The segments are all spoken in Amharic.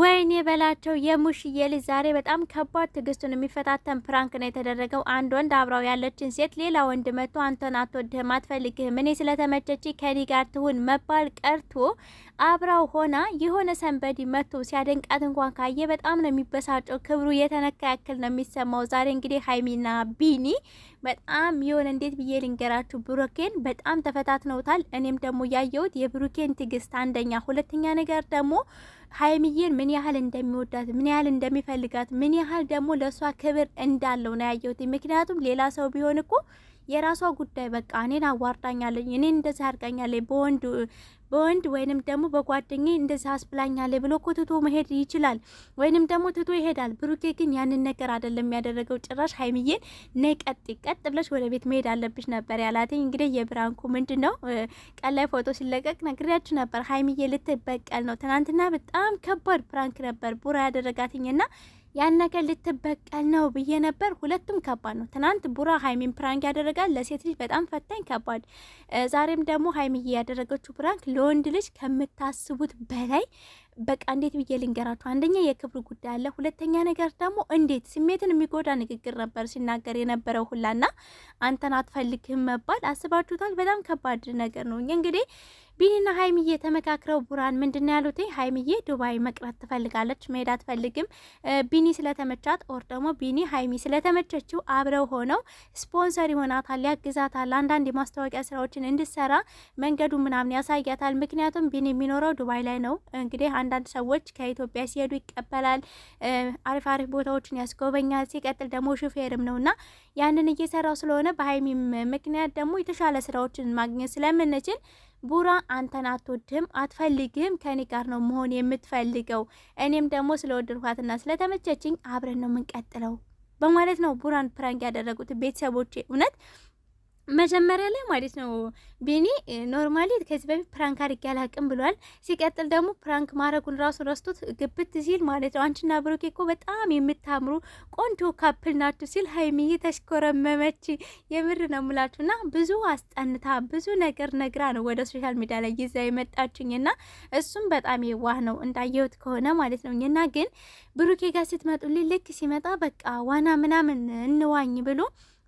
ወይኔ በላቸው የሙሽዬ ልጅ ዛሬ በጣም ከባድ ትዕግስቱን የሚፈታተን ፕራንክ ነው የተደረገው። አንድ ወንድ አብራው ያለችን ሴት ሌላ ወንድ መጥቶ አንተን አትወድህም፣ አትፈልግህም፣ እኔ ስለተመቸች ከኔ ጋር ትሁን መባል ቀርቶ አብራው ሆና የሆነ ሰንበዲ መጥቶ ሲያደንቃት እንኳን ካየ በጣም ነው የሚበሳጨው። ክብሩ የተነካ ያክል ነው የሚሰማው። ዛሬ እንግዲህ ሀይሚና ቢኒ በጣም የሆነ እንዴት ብዬ ልንገራችሁ፣ ብሩኬን በጣም ተፈታትነውታል። እኔም ደግሞ ያየሁት የብሩኬን ትዕግስት አንደኛ፣ ሁለተኛ ነገር ደግሞ ሀይሚዬን ምን ያህል እንደሚወዳት ምን ያህል እንደሚፈልጋት ምን ያህል ደግሞ ለእሷ ክብር እንዳለው ነው ያየሁት። ምክንያቱም ሌላ ሰው ቢሆን እኮ የራሷ ጉዳይ በቃ እኔን አዋርዳኛለኝ፣ እኔን እንደዚህ አድርጋኛለኝ፣ በወንድ በወንድ ወይንም ደግሞ በጓደኛ እንደዚህ አስብላኛለ ብሎ እኮ ትቶ መሄድ ይችላል፣ ወይንም ደግሞ ትቶ ይሄዳል። ብሩኬ ግን ያንን ነገር አይደለም ያደረገው። ጭራሽ ሀይሚዬን ነይ ቀጥ ቀጥ ብለሽ ወደ ቤት መሄድ አለብሽ ነበር ያላትኝ። እንግዲህ የብራንኩ ምንድን ነው ቀን ላይ ፎቶ ሲለቀቅ ነግሬያችሁ ነበር። ሀይሚዬ ልትበቀል ነው። ትናንትና በጣም ከባድ ፕራንክ ነበር ቡራ ያደረጋትኝና ያን ነገር ልትበቀል ነው ብዬ ነበር። ሁለቱም ከባድ ነው። ትናንት ቡራ ሀይሚን ፕራንክ ያደረጋል። ለሴት ልጅ በጣም ፈታኝ ከባድ። ዛሬም ደግሞ ሀይሚዬ ያደረገችው ፕራንክ ለወንድ ልጅ ከምታስቡት በላይ በቃ እንዴት ብዬ ልንገራችሁ። አንደኛ የክብር ጉዳይ አለ። ሁለተኛ ነገር ደግሞ እንዴት ስሜትን የሚጎዳ ንግግር ነበር ሲናገር የነበረው ሁላና አንተን አትፈልግህም መባል አስባችሁታል። በጣም ከባድ ነገር ነው እንግዲህ ቢኒና ሀይምዬ ተመካክረው ቡራን ምንድን ነው ያሉት? ሀይምዬ ዱባይ መቅረት ትፈልጋለች፣ መሄድ አትፈልግም። ቢኒ ስለተመቻት ኦር ደግሞ ቢኒ ሀይሚ ስለተመቸችው አብረው ሆነው ስፖንሰር ይሆናታል፣ ያግዛታል፣ አንዳንድ የማስታወቂያ ስራዎችን እንድሰራ መንገዱ ምናምን ያሳያታል። ምክንያቱም ቢኒ የሚኖረው ዱባይ ላይ ነው። እንግዲህ አንዳንድ ሰዎች ከኢትዮጵያ ሲሄዱ ይቀበላል፣ አሪፍ አሪፍ ቦታዎችን ያስጎበኛል። ሲቀጥል ደግሞ ሹፌርም ነው እና ያንን እየሰራው ስለሆነ በሀይሚ ምክንያት ደግሞ የተሻለ ስራዎችን ማግኘት ስለምንችል ቡራ አንተን አትወድህም፣ አትፈልግህም፣ ከኔ ጋር ነው መሆን የምትፈልገው፣ እኔም ደግሞ ስለወደድኳትና ስለተመቸችኝ አብረን ነው የምንቀጥለው በማለት ነው ቡራን ፕራንክ ያደረጉት ቤተሰቦቼ እውነት መጀመሪያ ላይ ማለት ነው ቢኒ ኖርማሊ ከዚህ በፊት ፕራንክ አድርጌ አላቅም ብሏል። ሲቀጥል ደግሞ ፕራንክ ማድረጉን ራሱ ረስቶት ግብት ሲል ማለት ነው አንቺና ብሩኬ እኮ በጣም የምታምሩ ቆንጆ ካፕል ናችሁ ሲል ሀይሚዬ ተሽኮረመመች። የምር ነው የምላችሁ ብዙ አስጠንታ ብዙ ነገር ነግራ ነው ወደ ሶሻል ሚዲያ ላይ ይዛ የመጣችኝ ና እሱም በጣም የዋህ ነው እንዳየሁት ከሆነ ማለት ነው እና ግን ብሩኬ ጋር ስትመጡልኝ ልክ ሲመጣ በቃ ዋና ምናምን እንዋኝ ብሎ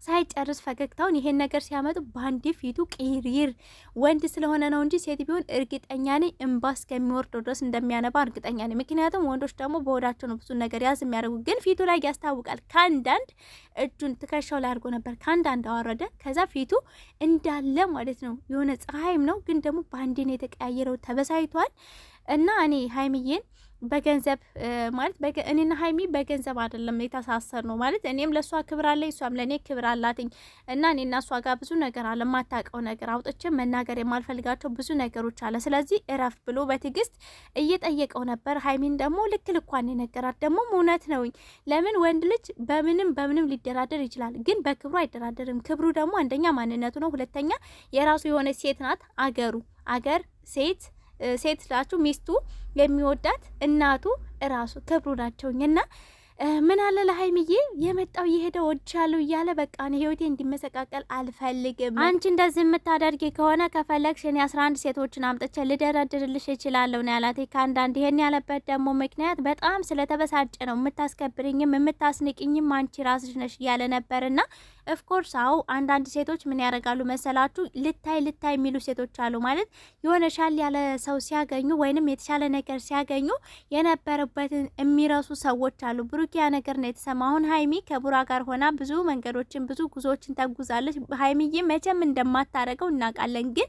ሳይጨርስ ፈገግታውን ይሄን ነገር ሲያመጡ በአንዴ ፊቱ ቅሪር። ወንድ ስለሆነ ነው እንጂ ሴት ቢሆን እርግጠኛ ነኝ እንባ እስከሚወርደው ድረስ እንደሚያነባ እርግጠኛ ነኝ። ምክንያቱም ወንዶች ደግሞ በወዳቸው ነው ብዙ ነገር ያዝ የሚያደርጉ፣ ግን ፊቱ ላይ ያስታውቃል። ከአንዳንድ እጁን ትከሻው ላይ አድርጎ ነበር፣ ከአንዳንድ አዋረደ። ከዛ ፊቱ እንዳለ ማለት ነው የሆነ ፀሐይም ነው፣ ግን ደግሞ በአንዴ ነው የተቀያየረው። ተበሳይቷል እና እኔ ሀይምዬን በገንዘብ ማለት እኔና ሀይሚ በገንዘብ አይደለም የተሳሰር ነው ማለት እኔም ለእሷ ክብር አለ እሷም ለእኔ ክብር አላትኝ እና እኔና እሷ ጋር ብዙ ነገር አለ የማታውቀው ነገር አውጥቼ መናገር የማልፈልጋቸው ብዙ ነገሮች አለ። ስለዚህ እረፍ ብሎ በትዕግስት እየጠየቀው ነበር። ሀይሚን ደግሞ ልክ ልኳን የነገራት ደግሞ እውነት ነውኝ። ለምን ወንድ ልጅ በምንም በምንም ሊደራደር ይችላል፣ ግን በክብሩ አይደራደርም። ክብሩ ደግሞ አንደኛ ማንነቱ ነው፣ ሁለተኛ የራሱ የሆነ ሴት ናት። አገሩ አገር ሴት ሴት ስላችሁ ሚስቱ የሚወዳት እናቱ እራሱ ክብሩ ናቸውኝና ምን አለ ለሀይምዬ የመጣው የሄደ ወድሻለሁ እያለ በቃ እኔ ህይወቴ እንዲመሰቃቀል አልፈልግም። አንቺ እንደዚህ የምታደርጊ ከሆነ ከፈለግሽ እኔ አስራ አንድ ሴቶችን አምጥቼ ልደረድርልሽ እችላለሁ ነው ያላት። ከአንዳንድ ይሄን ያለበት ደግሞ ምክንያት በጣም ስለተበሳጨ ነው። የምታስከብርኝም የምታስንቅኝም አንቺ ራስሽ ነሽ እያለ ና ኦፍኮርስ አዎ አንዳንድ ሴቶች ምን ያደርጋሉ መሰላችሁ? ልታይ ልታይ የሚሉ ሴቶች አሉ። ማለት የሆነ ሻል ያለ ሰው ሲያገኙ ወይንም የተሻለ ነገር ሲያገኙ የነበረበትን የሚረሱ ሰዎች አሉ። ከብሩኪያ ነገር ነው የተሰማ። አሁን ሀይሚ ከቡራ ጋር ሆና ብዙ መንገዶችን ብዙ ጉዞዎችን ተጉዛለች። ሀይሚዬ መቼም እንደማታረገው እናውቃለን። ግን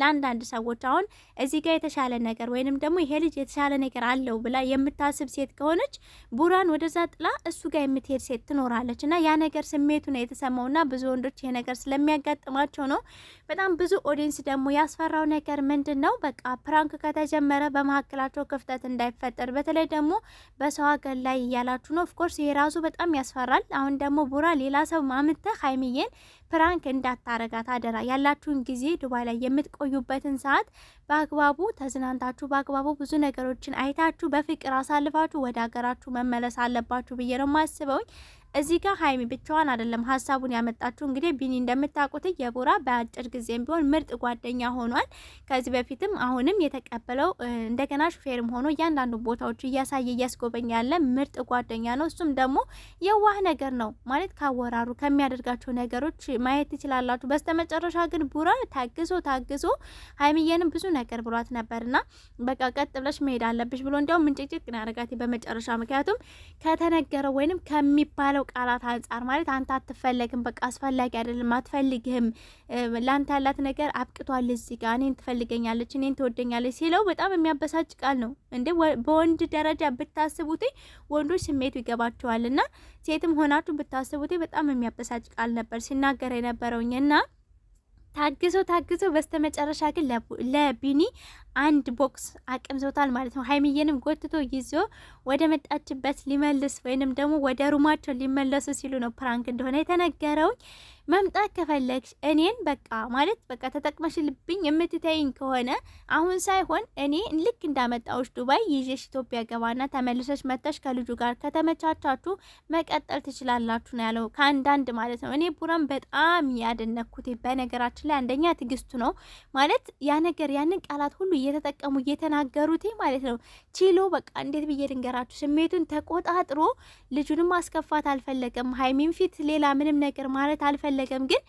ለአንዳንድ ሰዎች አሁን እዚህ ጋር የተሻለ ነገር ወይንም ደግሞ ይሄ ልጅ የተሻለ ነገር አለው ብላ የምታስብ ሴት ከሆነች ቡራን ወደዛ ጥላ እሱ ጋር የምትሄድ ሴት ትኖራለች። እና ያ ነገር ስሜቱ ነው የተሰማውና ብዙ ወንዶች ይሄ ነገር ስለሚያጋጥማቸው ነው። በጣም ብዙ ኦዲንስ ደግሞ ያስፈራው ነገር ምንድን ነው? በቃ ፕራንክ ከተጀመረ በመካከላቸው ክፍተት እንዳይፈጠር በተለይ ደግሞ በሰው አገር ላይ እያላችሁ ነው። ኦፍኮርስ ይሄ ራሱ በጣም ያስፈራል። አሁን ደግሞ ቡራ ሌላ ሰው ማምተ ሀይሚዬን ፕራንክ እንዳታረጋት አደራ። ያላችሁን ጊዜ ዱባይ ላይ የምትቆዩበትን ሰዓት በአግባቡ ተዝናንታችሁ፣ በአግባቡ ብዙ ነገሮችን አይታችሁ፣ በፍቅር አሳልፋችሁ ወደ ሀገራችሁ መመለስ አለባችሁ ብዬ ነው ማስበውኝ። እዚህ ጋር ሀይሚ ብቻዋን አይደለም ሀሳቡን ያመጣችሁ። እንግዲህ ቢኒ እንደምታውቁት የቡራ በአጭር ጊዜም ቢሆን ምርጥ ጓደኛ ሆኗል። ከዚህ በፊትም አሁንም የተቀበለው እንደገና ሹፌርም ሆኖ እያንዳንዱ ቦታዎች እያሳየ እያስጎበኝ ያለ ምርጥ ጓደኛ ነው። እሱም ደግሞ የዋህ ነገር ነው ማለት ካወራሩ ከሚያደርጋቸው ነገሮች ማየት ትችላላችሁ። በስተመጨረሻ ግን ቡራ ታግዞ ታግዞ ሀይሚዬንም ብዙ ነገር ብሏት ነበርና በቃ ቀጥ ብለሽ መሄድ አለብሽ ብሎ እንዲያውም ምንጭቅጭቅ ያደረጋት በመጨረሻ ምክንያቱም ከተነገረው ወይንም ከሚባለው ቃላት አንጻር ማለት አንተ አትፈለግም፣ በቃ አስፈላጊ አይደለም፣ አትፈልግህም፣ ለአንተ ያላት ነገር አብቅቷል፣ እዚህ ጋር እኔን ትፈልገኛለች፣ እኔን ትወደኛለች ሲለው በጣም የሚያበሳጭ ቃል ነው እንደ በወንድ ደረጃ ብታስቡት ወንዶች ስሜቱ ይገባቸዋል፣ እና ሴትም ሆናችሁ ብታስቡት በጣም የሚያበሳጭ ቃል ነበር ሲናገር የነበረውኝ እና ታግሶ በስተመጨረሻ ግን ለቢኒ አንድ ቦክስ አቀምሰውታል ማለት ነው። ሀይሚዬንም ጎትቶ ይዞ ወደ መጣችበት ሊመልስ ወይንም ደግሞ ወደ ሩማቸው ሊመለሱ ሲሉ ነው ፕራንክ እንደሆነ የተነገረውኝ። መምጣት ከፈለግሽ እኔን በቃ ማለት በቃ ተጠቅመሽልብኝ የምትተይኝ ከሆነ አሁን ሳይሆን እኔ ልክ እንዳመጣዎች ዱባይ ይዤሽ ኢትዮጵያ ገባና ተመልሰሽ መተሽ ከልጁ ጋር ከተመቻቻችሁ መቀጠል ትችላላችሁ ነው ያለው። ከአንዳንድ ማለት ነው። እኔ ቡራን በጣም ያደነኩት በነገራችን ላይ አንደኛ ትግስቱ ነው ማለት ያ ነገር ያንን ቃላት ሁሉ እየተጠቀሙ እየተናገሩት ማለት ነው። ቺሎ በቃ እንዴት ብዬ ልንገራችሁ፣ ስሜቱን ተቆጣጥሮ ልጁንም ማስከፋት አልፈለገም። ሀይሚን ፊት ሌላ ምንም ነገር ማለት አልፈለገም ግን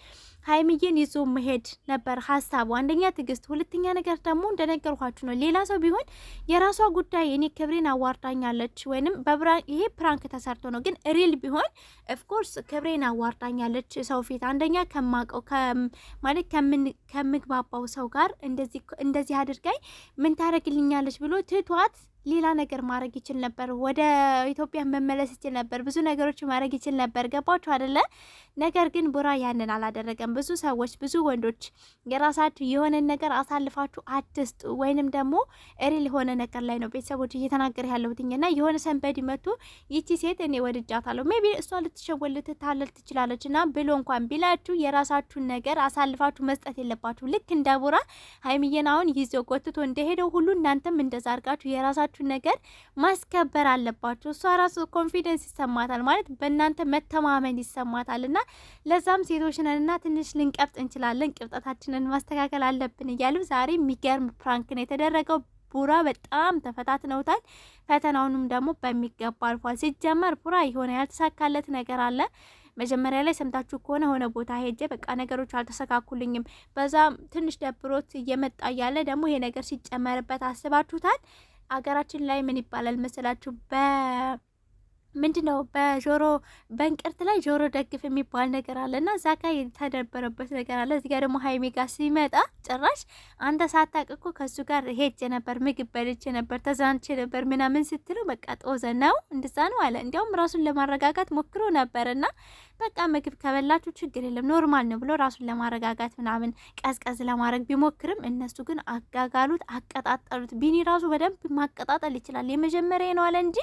ሀይሚዬን ይዞ መሄድ ነበር ሀሳቡ። አንደኛ ትዕግስት፣ ሁለተኛ ነገር ደግሞ እንደነገርኳችሁ ነው። ሌላ ሰው ቢሆን የራሷ ጉዳይ እኔ ክብሬን አዋርዳኛለች ወይም ይሄ ፕራንክ ተሰርቶ ነው። ግን ሪል ቢሆን ኦፍኮርስ ክብሬን አዋርዳኛለች ሰው ፊት አንደኛ ከማቀው ማለት ከምግባባው ሰው ጋር እንደዚህ አድርጋኝ ምን ታደረግልኛለች ብሎ ትቷት ሌላ ነገር ማድረግ ይችል ነበር። ወደ ኢትዮጵያ መመለስ ይችል ነበር። ብዙ ነገሮች ማድረግ ይችል ነበር። ገባችሁ አደለ? ነገር ግን ቡራ ያንን አላደረገም። ብዙ ሰዎች፣ ብዙ ወንዶች የራሳችሁ የሆነን ነገር አሳልፋችሁ አትስጡ፣ ወይንም ደግሞ ሪል የሆነ ነገር ላይ ነው ቤተሰቦች እየተናገር ያለሁት እና የሆነ ሰንበድ መቱ ይቺ ሴት እኔ ወድጃታለሁ ቢ እሷ ልትሸወል ልትታለል ትችላለች እና ብሎ እንኳን ቢላችሁ የራሳችሁን ነገር አሳልፋችሁ መስጠት የለባችሁ። ልክ እንደ ቡራ ሀይሚዬን አሁን ይዞ ጎትቶ እንደሄደው ሁሉ እናንተም እንደዛ አድርጋችሁ የራሳችሁ ያላችሁን ነገር ማስከበር አለባችሁ። እሷ ራሱ ኮንፊደንስ ይሰማታል ማለት በእናንተ መተማመን ይሰማታል። እና ለዛም ሴቶች ነንና ትንሽ ልንቀብጥ እንችላለን፣ ቅብጠታችንን ማስተካከል አለብን እያሉ ዛሬ የሚገርም ፕራንክ ነው የተደረገው። ቡራ በጣም ተፈታትነውታል። ፈተናውንም ደግሞ በሚገባ አልፏል። ሲጀመር ቡራ የሆነ ያልተሳካለት ነገር አለ። መጀመሪያ ላይ ሰምታችሁ ከሆነ ሆነ ቦታ ሄጀ በቃ ነገሮች አልተሰካኩልኝም፣ በዛም ትንሽ ደብሮት እየመጣ እያለ ደግሞ ይሄ ነገር ሲጨመርበት አስባችሁታል። አገራችን ላይ ምን ይባላል መሰላችሁ በ ምንድነው ነው በጆሮ በእንቅርት ላይ ጆሮ ደግፍ የሚባል ነገር አለ እና እዛ ጋ የተደበረበት ነገር አለ። እዚጋ ደግሞ ሀይሚ ጋር ሲመጣ ጭራሽ አንተ ሳታውቅ እኮ ከሱ ጋር ሄጄ ነበር፣ ምግብ በልቼ ነበር፣ ተዝናንቼ ነበር ምናምን ስትለው በቃ ጦዘ ነው እንድዛ ነው አለ። እንዲያውም ራሱን ለማረጋጋት ሞክሮ ነበር እና በቃ ምግብ ከበላችሁ ችግር የለም ኖርማል ነው ብሎ ራሱን ለማረጋጋት ምናምን ቀዝቀዝ ለማድረግ ቢሞክርም እነሱ ግን አጋጋሉት፣ አቀጣጠሉት። ቢኒ ራሱ በደንብ ማቀጣጠል ይችላል። የመጀመሪያ ነው አለ እንጂ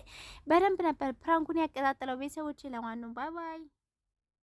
በደንብ ነበር ፕራ ታንኩን ያቀጣጠለው ቤተሰቦች ለማኑ ባይ ባይ።